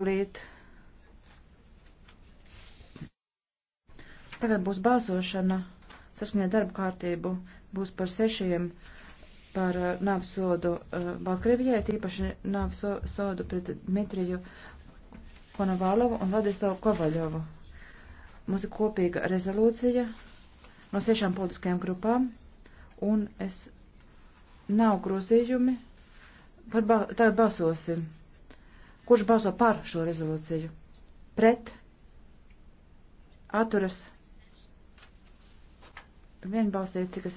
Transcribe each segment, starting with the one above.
Tūlīt. Tagad būs balsošana saskaņā darba kārtību. Būs par sešiem par uh, nāves sodu uh, Baltkrievijai, tīpaši nāves so, sodu pret Dmitriju Konovalovu un Vladislavu Kovaļovu. Mums ir kopīga rezolūcija no sešām politiskajām grupām, un es nav grozījumi. Par, ba tagad balsosim. Kurš balso par šo rezolūciju? Pret? Atturas? Vienbalsīgi, cik es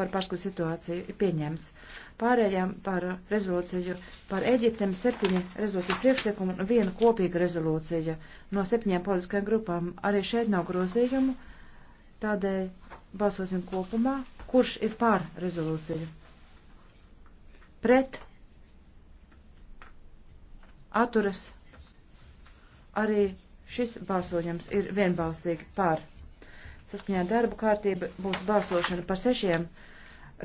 varu paskatīt situāciju, ir pieņemts. Pārējām par rezolūciju par Eģiptiem septiņi rezolūciju priekšlikumi un viena kopīga rezolūcija no septiņām politiskajām grupām. Arī šeit nav grozījumu, tādēļ balsosim kopumā. Kurš ir pār rezolūciju? Pret? atturas arī šis balsojums ir vienbalsīgi par. Saskaņā darba kārtība būs balsošana par sešiem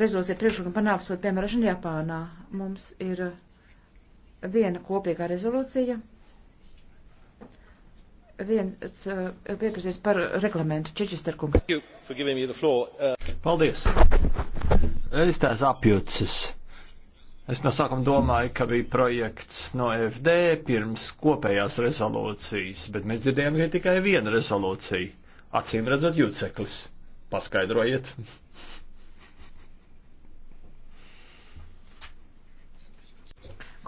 rezolūcija priekšlikuma par nāvsot piemērošanu Japānā. Mums ir viena kopīgā rezolūcija, viens uh, pieprasījums par reglamentu Čečisterkungu. Uh, Paldies! Es tās apjūtas. Es no sākuma domāju, ka bija projekts no FD pirms kopējās rezolūcijas, bet mēs dzirdējām, ka ir tikai viena rezolūcija. Acīm redzot, jūceklis. Paskaidrojiet.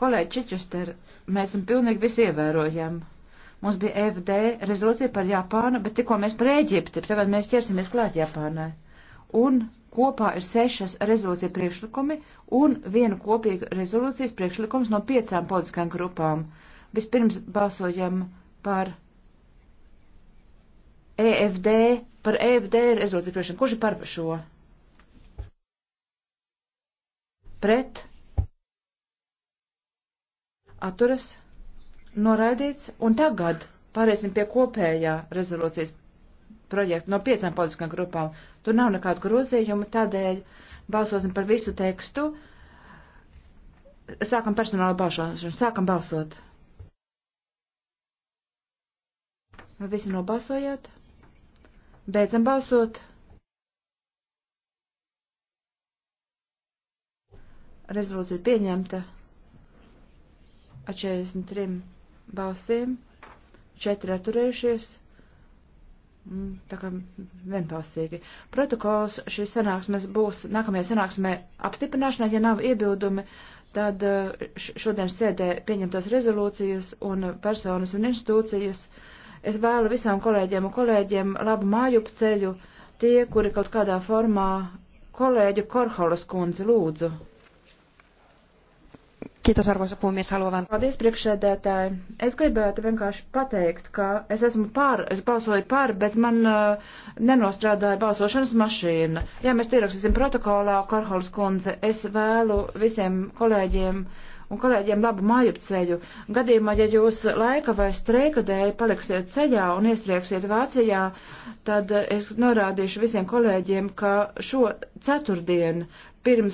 Kolēģi Čičester, mēs esam pilnīgi visi ievērojam. Mums bija FD rezolūcija par Japānu, bet tikko mēs par Ēģipti, tagad mēs ķersimies klāt Japānai un kopā ir sešas rezolūcija priekšlikumi un viena kopīga rezolūcijas priekšlikums no piecām politiskām grupām. Vispirms balsojam par EFD, par EFD rezolūciju priekšlikumu. Kurš ir par šo? Pret? Atturas? Noraidīts? Un tagad pārēsim pie kopējā rezolūcijas projektu no piecām politiskām grupām. Tur nav nekādu grozījumu, tādēļ balsosim par visu tekstu. Sākam personāla balsošanu, sākam balsot. Vai visi nobalsojāt? Beidzam balsot. Rezolūcija pieņemta ar 43 balsīm, 4 atturējušies. Mm, tā kā vienpalsīgi. Protokols šīs sanāksmes būs nākamajā sanāksmē apstiprināšanā, ja nav iebildumi, tad uh, šodien sēdē pieņemtās rezolūcijas un personas un institūcijas. Es vēlu visām kolēģiem un kolēģiem labu māju ceļu, tie, kuri kaut kādā formā kolēģu Korholas kundzi lūdzu. Kiitos arvoisa puhemies, haluan Paldies priekšsēdētāji. Es gribētu vienkārši pateikt, ka es esmu pār, es balsoju pār, bet man uh, nenostrādāja balsošanas mašīna. Ja mēs ierakstīsim protokolā, Karhols kundze, es vēlu visiem kolēģiem un kolēģiem labu mājup ceļu. Gadījumā, ja jūs laika vai streika dēļ paliksiet ceļā un iestrieksiet Vācijā, tad es norādīšu visiem kolēģiem, ka šo ceturtdienu pirms